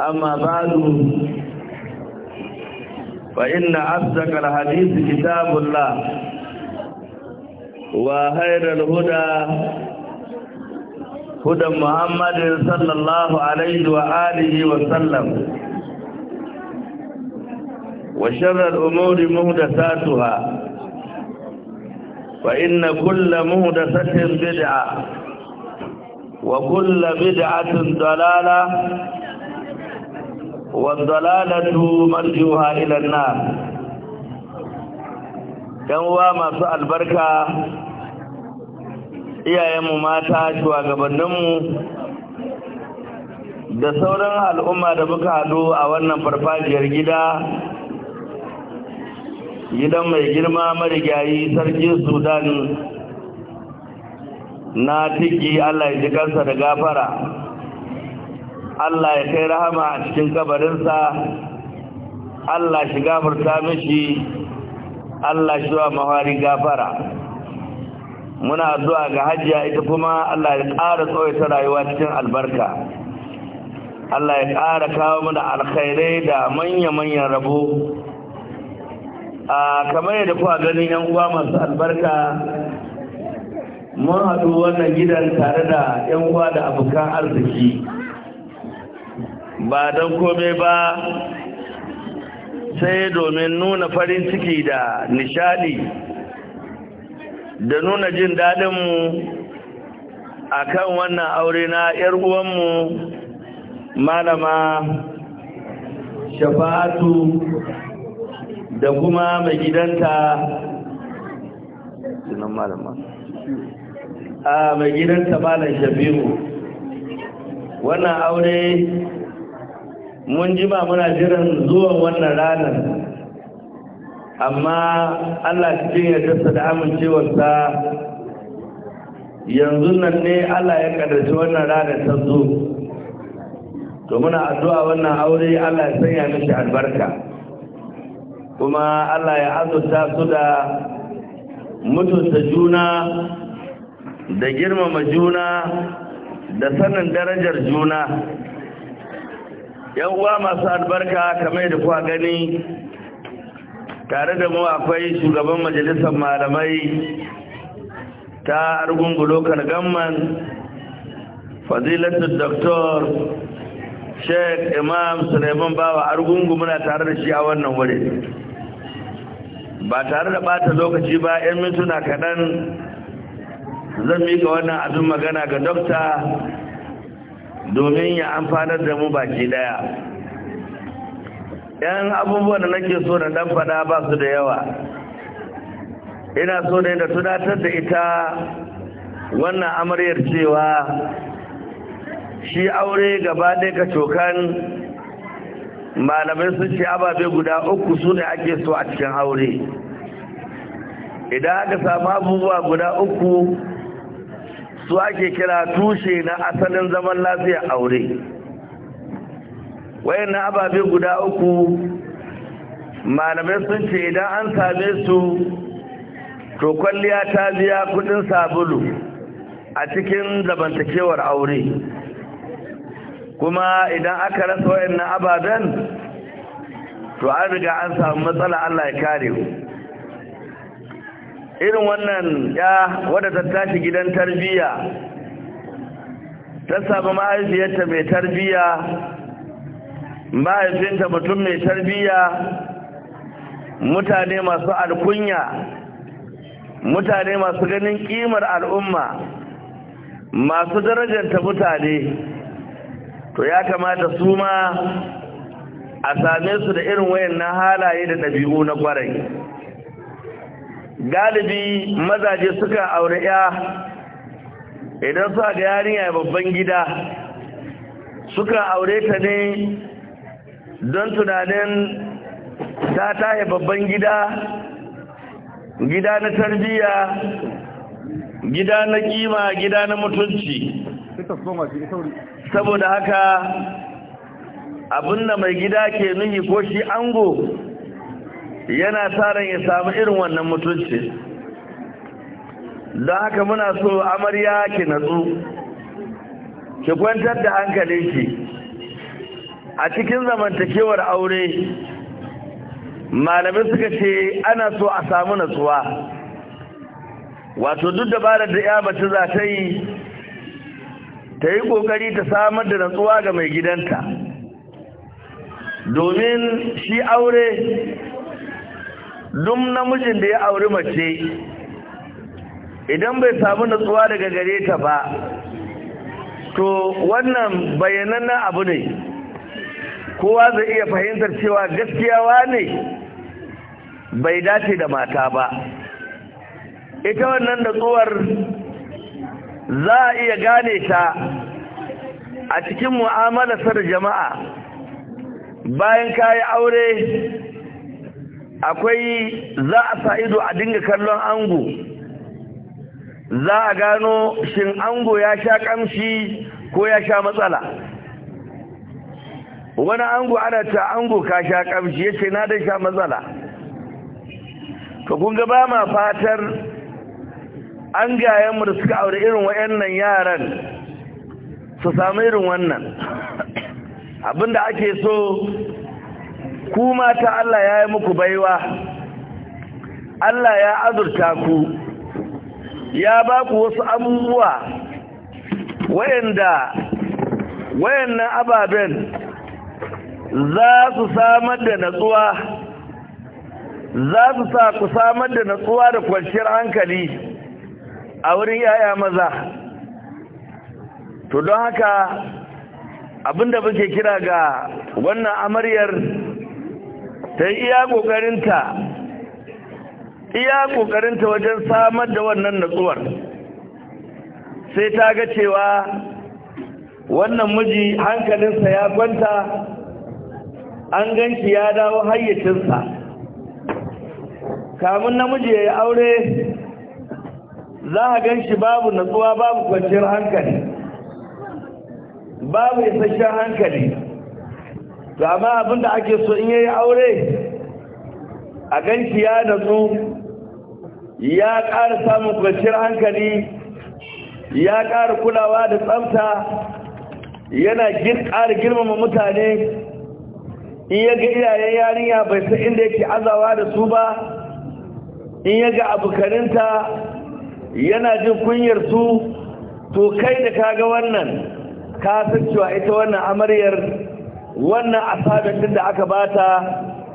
أما بعد فإن أصدق الحديث كتاب الله وخير الهدى هدى محمد صلى الله عليه وآله وسلم وشر الأمور مهدساتها فإن كل مهدسة بدعة وكل بدعة ضلالة wadalalatu مرجوها إلى النار ينوى ما masu albarka, iyayenmu mata shugabanninmu da sauran al'umma da muka haɗu a wannan farfajiyar gida gidan mai girma marigayi sarkin sudan na tiki allah ya ji kansa da gafara Allah ya kai rahama a cikin kabarinsa Allah shi gafarta mishi Allah shi wa mahari gafara muna zuwa ga Hajiya ita kuma Allah ya ƙara tsawaita rayuwa cikin albarka Allah ya ƙara kawo mana alkhairai da manya-manyan rabo a kamar yadda kuwa ganin yan uwa masu albarka mun haɗu wannan gidan tare da yan uwa da abokan arziki ba don kome ba sai domin nuna farin ciki da nishadi da nuna jin daɗinmu a kan wannan aure na uwanmu malama shafa'atu da kuma mai gidanta sunan malama a mai gidanta malam shafi'u wannan aure mun ji ba muna jiran zuwan wannan ranar amma Allah cikin yardarsa da amincewarsa yanzu nan ne Allah ya kadarci wannan ranar ta zo to muna addu'a wannan aure Allah ya sanya mishi albarka kuma Allah ya azurta su da mutunta juna da girmama juna da sanin darajar juna yan uwa masu albarka kamar da kuwa gani tare da mu akwai shugaban majalisar malamai ta argungu lokar gamman fadilatul doktor sheik imam suleiman bawa argungu muna tare da shi a wannan wuri ba tare da bata lokaci ba 'yan mintuna kaɗan zan mika wannan abin magana ga dokta domin ya amfanar da mu baki daya yan abubuwan da nake so na dan fada ba su da yawa ina so ne da tunatar da ita wannan amaryar cewa shi aure gaba ɗaya ka cokan malamai sun ce ababe guda uku su ne ake so a cikin aure idan aka samu abubuwa guda uku su ake kira tushe na asalin zaman lafiya aure na ababe guda uku malamai sun ce idan an same su to kwalliya ta biya kudin sabulu a cikin zamantakewar aure kuma idan aka rasa wayannan ababen to an riga an samu matsala Allah ya kare irin wannan ya wadda ta tashi gidan tarbiyya ta samu mahaifiyarta mai tarbiyya mahaifinta mutum mai tarbiyya mutane masu alkunya mutane masu ganin kimar al'umma masu darajanta mutane to ya kamata su ma a same su da irin wayan na halaye da ɗabi'u na kwarai galibi mazaje suka aure ya idan suka ga yarinya babban gida suka aure ta ne don tunanin ta taye babban gida gida na tarbiyya gida na kima gida na mutunci saboda haka abinda mai gida ke nuhi ko shi ango yana taron ya samu irin wannan mutunci Da haka muna so amarya ki natsu ki kwantar da hankali hankalinki a cikin zamantakewar aure malamai suka ce ana so a samu natsuwa wato duk dabarar da ya bace za ta yi ta yi kokari ta samar da natsuwa ga mai gidanta domin shi aure duk namijin da ya auri mace idan bai samu natsuwa daga gare ta ba to wannan bayyanannen abu ne kowa zai iya fahimtar cewa gaskiyawa ne bai dace da mata ba ita wannan natsuwar za a iya gane ta a cikin mu'amalar jama'a bayan kayi aure akwai za a sa ido a dinga kallon ango za a gano shin ango ya sha kamshi ko ya sha matsala wani ango ana ta ango ka sha kamshi ya ce na dai sha matsala Ka kun ba ma fatar an gayenmu da suka auri irin wayannan yaran su samu irin wannan abinda ake so ku mata Allah ya yi muku baiwa Allah ya azurta ku ya ba ku wasu abubuwa wayanda wayannan ababen za su samar da natsuwa za su sa ku samar da natsuwa da kwanciyar hankali a wurin yaya maza to don haka abinda muke kira ga wannan amaryar ta yi iya ƙoƙarinta iya ƙoƙarinta wajen samar da wannan natsuwar sai ta ga cewa wannan miji hankalinsa ya kwanta an ganki ya dawo hayyacinsa kamun namiji ya yi aure za a ganshi babu natsuwa babu kwanciyar hankali babu isasshen hankali to amma da ake so in yayi aure a ganki ya natsu ya ƙara samun kwanciyar hankali ya ƙara kulawa da tsamta yana ƙara girmama mutane in yaga iyayen yarinya bai san inda yake azawa da su ba in yaga ga abokaninta yana jin kunyar su to kai da kaga wannan ka san cewa ita wannan amaryar wannan asabin din da aka bata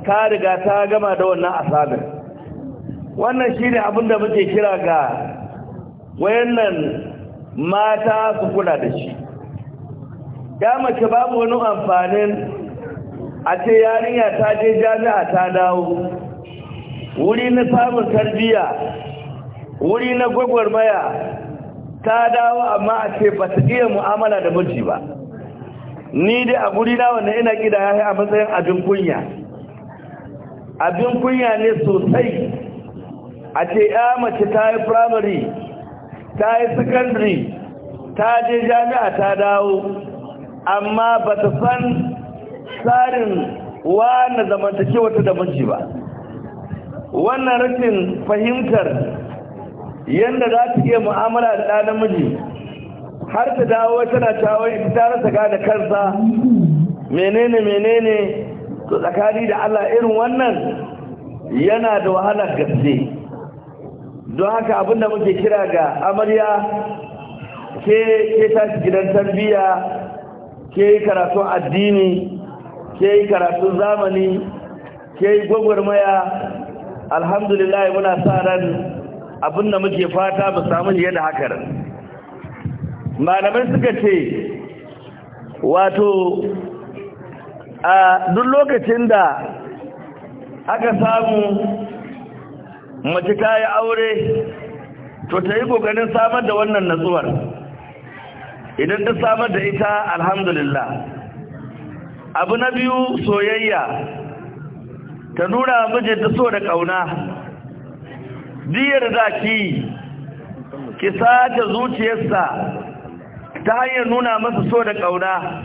ta riga ta gama da wannan asabin wannan shine abin da muke kira ga wayannan mata su kula da shi ya mace babu wani amfanin a ce yarinya ta je jami'a ta dawo wuri na samun tarbiya, wuri na gwagwarmaya ta dawo amma a ce ba ta iya mu'amala da miji ba ni dai a guri na wannan ina kida ya a matsayin abin kunya abin kunya ne sosai a ce ya mace ta yi primary ta yi secondary ta je jami'a ta dawo amma ba ta san tsarin wane zamantakewa ta da miji ba wannan rashin fahimtar yadda za ta iya mu'amala da ɗa namiji har ta dawo tana cewa in ta rasa gane kansa menene menene to tsakani da Allah irin wannan yana da wahalar gaske don haka abin da muke kira ga amarya ke ke ta gidan tarbiyya ke yi karatun addini ke yi karatun zamani ke yi gwagwarmaya alhamdulillah muna sa ran abinda muke fata mu samu yadda da malamai suka ce wato a duk lokacin da aka samu mace ta yi aure to ta yi ƙoƙarin samar da wannan natsuwar idan ta samar da ita alhamdulillah abu na biyu soyayya ta nuna ta so da ƙauna Biyar zaki ki ki sace zuciyarsa ta hanyar nuna masa so da ƙauna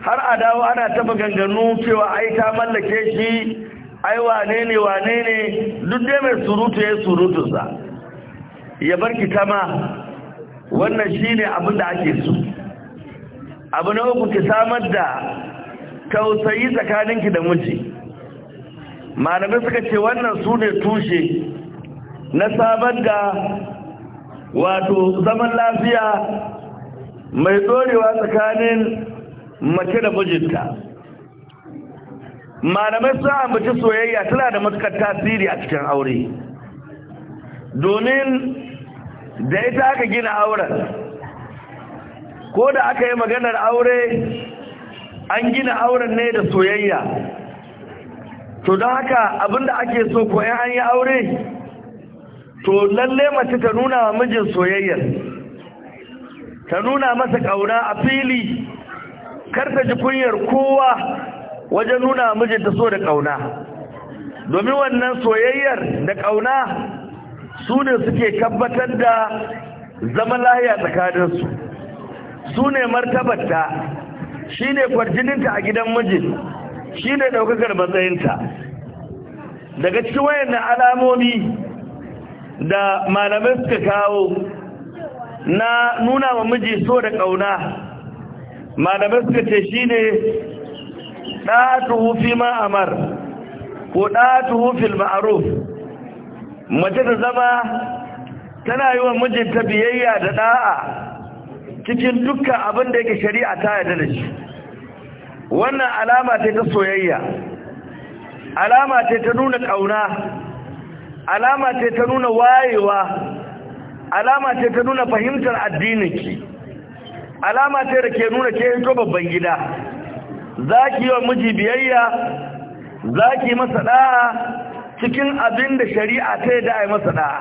har a dawo ana taba ganganu cewa ai ta mallake shi ai wane ne wane ne duk dai mai surutu ya surutunsa ya bar ma wannan shi ne abin da ake so abu na uku ki samar da tausayi tsakaninki da miji malamai suka ce wannan su ne tushe na samar da wato zaman lafiya mai tsorewa tsakanin mace da mijinta malamai sun ambaci soyayya tana da matukar tasiri a cikin aure domin da ita aka gina auren ko da aka yi maganar aure an gina auren ne da soyayya to don haka abinda ake so ko an yi aure to lalle mace ta nuna wa mijin soyayyar ta nuna masa ƙauna a fili kar ji kunyar kowa wajen nuna mijinta so da ƙauna domin wannan soyayyar da ƙauna su ne suke tabbatar da zama lahiya tsakaninsu su ne martabarta shi ne kwarjininta a gidan mijin shi ne ɗaukakar matsayinta daga cikin wayannan alamomi da malamai suka kawo na nuna wa miji so da ƙauna malamai suka ce shi ne ɗatuhu fi ma'amar ko ɗatuhu fil ma'aruf mace da zama tana yi wa mijinta biyayya da ɗa'a cikin dukkan abin da yake shari'a ta yarda da shi wannan alama ce ta soyayya alama ce ta nuna ƙauna alama ce ta nuna wayewa alama ce ta nuna fahimtar addininki alama ce da ke nuna ke hito babban gida za ki yi wa miji biyayya za ki masa ɗa'a cikin abin da shari'a ta yi da masa ɗa'a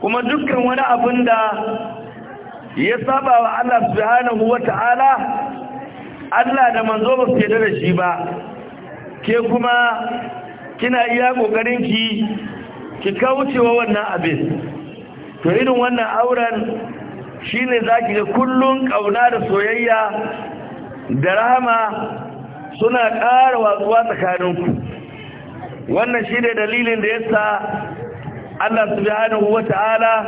kuma dukkan wani abin da ya saba wa Allah subhanahu wa ta'ala Allah da manzo ba su yadda da shi ba ke kuma kina iya ƙoƙarinki ki kauce wa wannan abin to irin wannan auren shi shine zaki ga kullum ƙauna da soyayya da rahama suna ƙara watsuwa tsakaninku wannan shi ne dalilin da yasa Allah subhanahu wata'ala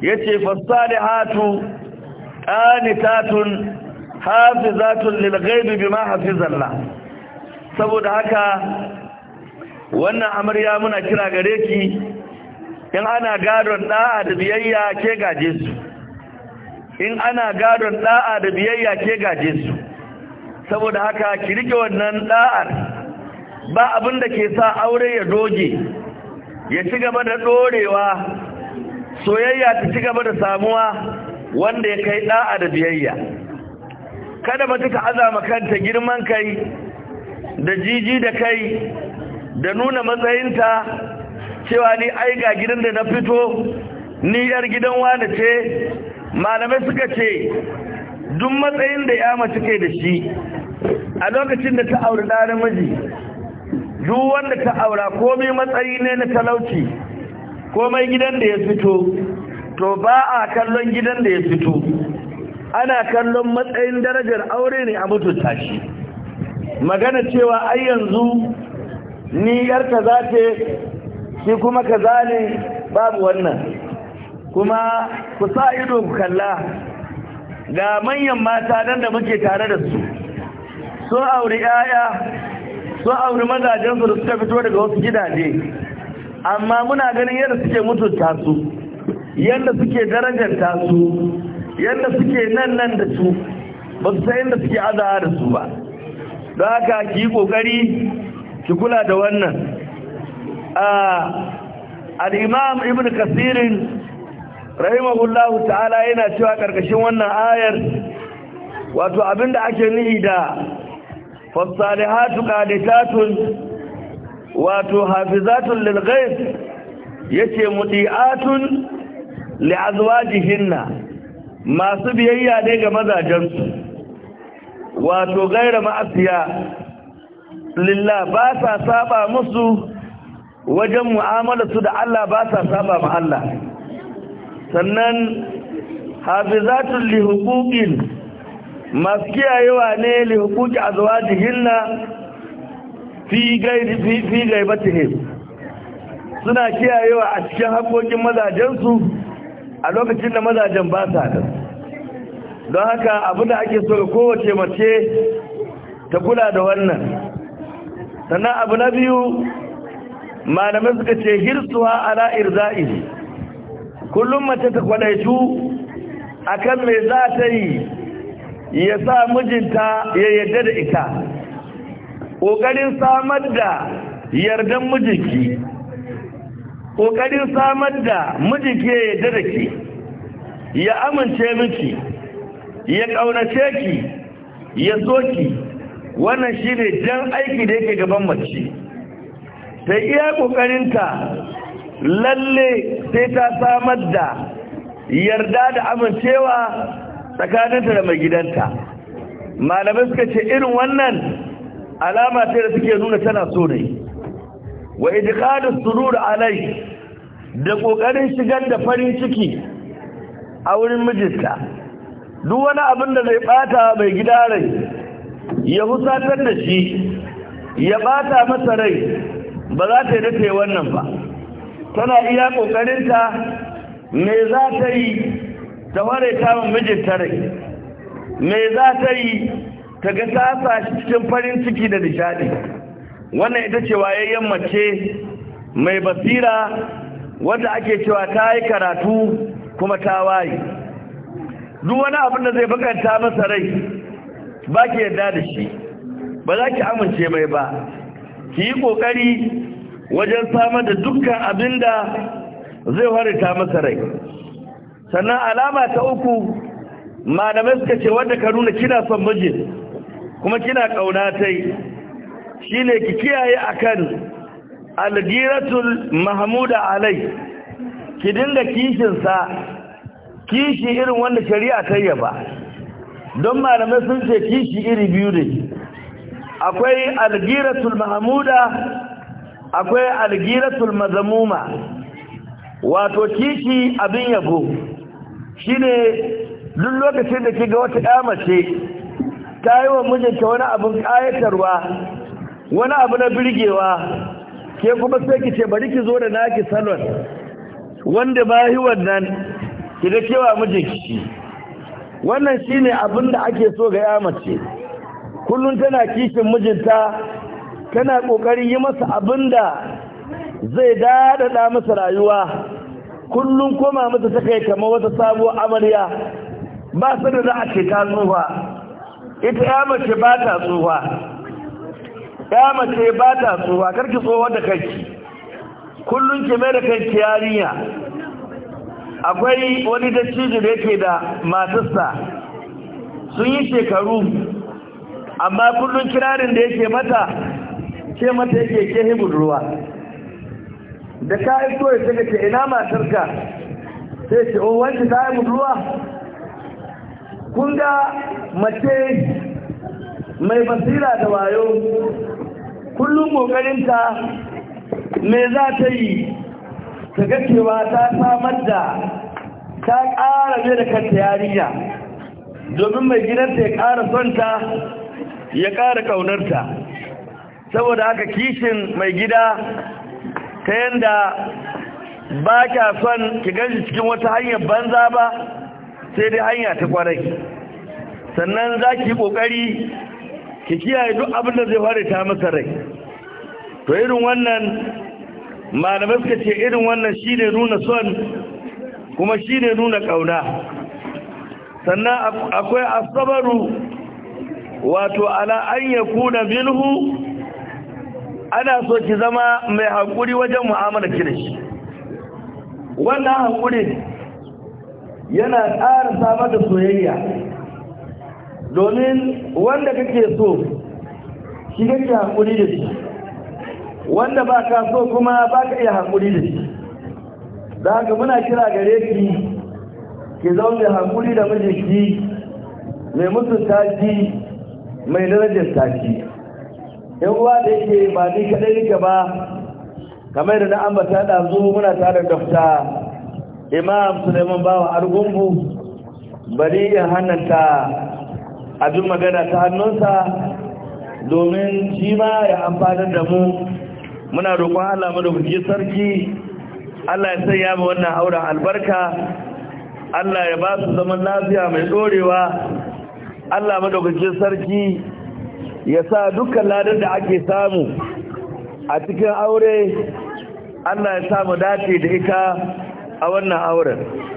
yace fasalihatu qanitatun bi ma hafi zalla. saboda haka wannan amarya muna kira gare ki in ana gadon da'a da biyayya ke gaje su in ana gadon da'a da biyayya ke gaje su saboda haka ki rike wannan da'ar ba abin da ke sa aure ya doge ya ci gaba da dorewa soyayya ta ci gaba da samuwa wanda ya kai da'a da biyayya kada mace ta azama kanta girman kai da jiji da kai da nuna matsayinta cewa ni ai ga gidan da na fito ni yar gidan wane ce malamai suka ce duk matsayin da ya mace ke da shi a lokacin da ta auri da namiji duk wanda ta aura komai matsayi ne na talauci komai gidan da ya fito to ba a kallon gidan da ya fito ana kallon matsayin darajar aure ne a mutunta shi magana cewa ai yanzu ni yarka za ce shi kuma zane babu wannan kuma ku sa ido ku kalla ga manyan mata nan da muke tare da su sun auri yaya sun auri mazajensu da suka fito daga wasu gidaje amma muna ganin yadda suke mutunta su yadda suke darajanta su yadda suke nan nan da su ba su sayin da suke azawa da su ba don haka ki yi ƙoƙari ki kula da wannan al'imam ibn kasirin rahimahullahu ta'ala yana cewa ƙarƙashin wannan ayar wato abinda ake nihi da fasalihatu qaditatun wato hafizatun lil ghaib yace mudiatun li masu biyayya ne ga mazajensu wato gaira ma'asiya lillah ba sa saba musu wajen mu'amala su da Allah ba sa saba ma Allah sannan hafizatul li hukukin masu kiyayewa ne li hukuki azwajihinna fi gairi fi ne. suna kiyayewa a cikin haƙoƙin mazajensu a lokacin da mazajen ba sa da don haka abu da ake so kowace mace ta kula da wannan sannan abu na biyu malaman suka ce hirsuwa ala irza'ihi kullum mace ta kwadaitu akan me za ta yi ya sa mijinta ya yarda da ita ƙoƙarin samar da yardan mijinki ƙoƙarin samar da mijinki ya yarda da ke ya amince miki ya ƙaunace ki ya so ki wannan shine jan aiki da yake gaban mace ta iya ƙoƙarinta lalle sai ta samar da yarda da amincewa tsakaninta da mai gidanta malamai suka ce irin wannan alama ce da suke nuna tana so ne wa idqadu surur alai da ƙoƙarin shigar da farin ciki a wurin mijinta duk wani abin da zai bata mai gida rai ya husatar da shi ya ɓata masa rai ba za ta yi ta wannan ba tana iya ƙoƙarinta me za ta yi ta ware tamun mijinta rai me za ta yi ta ga ta shi cikin farin ciki da nishadi wannan ita ce wayayyen mace mai basira wadda ake cewa ta yi karatu kuma ta waye duk wani abin da zai bakanta masa rai ba ki yarda da shi ba za ki amince mai ba ki yi ƙoƙari wajen samar da dukkan abin da zai harita masa rai sannan alama ta uku malamai suka ce wanda ka nuna kina son mijin kuma kina yi Shi ne ki kiyaye akan algiratul mahmuda alai ki dinga kishinsa. kishi irin wanda shari'a ta yaba don malamai sun ce kishi iri biyu ne akwai algiratul mahmuda akwai algiratul mazamuma wato kiki abin yabo shine duk lokacin da kiga wata damace ta yi wa mijinta wani abin ƙayatarwa, wani abu na birgewa ke kuma sai ki ce bari ki zo da naki salon wanda ba yi wannan ki da cewa mijinki wannan shine abin da ake so ga yamace kullum tana kishin mijinta kana ƙoƙarin yi masa abin da zai daɗaɗa masa rayuwa kullum koma masa ta kai kama wata sabuwar amarya ba su da za a ce ita ya mace ba ta tsufa ya mace ba ta tsufa karki tsohon da kanki kullum ki mai da kanki yarinya akwai wani dattijo da yake da matarsa sun yi shekaru amma kullum kirarin da yake mata ce mata yake ke ruwa da ka yi ya ce ce ina matarka sai ce o oh, wanci ta yi ruwa. kun ga mace mai basira da wayo kullum ƙoƙarinta me za ta yi ta ga ta samar da ta ƙara mai da kanta yarinya domin mai gidanta ya ƙara sonta ya ƙara ƙaunarta saboda haka kishin mai gida ta yanda ba kya son ki ganshi cikin wata hanyar banza ba sai dai hanya ta kwarai sannan za ki ƙoƙari ki kiyaye duk abin da zai fara ta masa rai to irin wannan malamai suka ce irin wannan shi ne nuna son kuma shi ne nuna ƙauna. sannan akwai asabaru wato ala an kuna bilhu ana so ki zama mai haƙuri wajen mu'amala ki da shi wannan haƙuri yana ƙara samar da soyayya domin wanda kake so shi kake haƙuri da shi wanda ba ka so kuma ba ka iya haƙuri da shi da haka muna kira gare ki ki zaune haƙuri da mijinki mai mutunta ki mai darajar ki in wa da yake ba ni kadai yake ba kamar da na ambata ɗazu muna tare da dafta imam suleiman bawa argungu bari ya hannanta abin magana ta hannunsa domin shi ma ya amfanar da mu muna roƙon Allah da kuje sarki Allah ya sanya mu wannan auren albarka Allah ya ba su zaman lafiya mai dorewa Allah da kuje sarki ya sa dukkan ladar da ake samu a cikin aure Allah ya samu dace da ita a wannan auren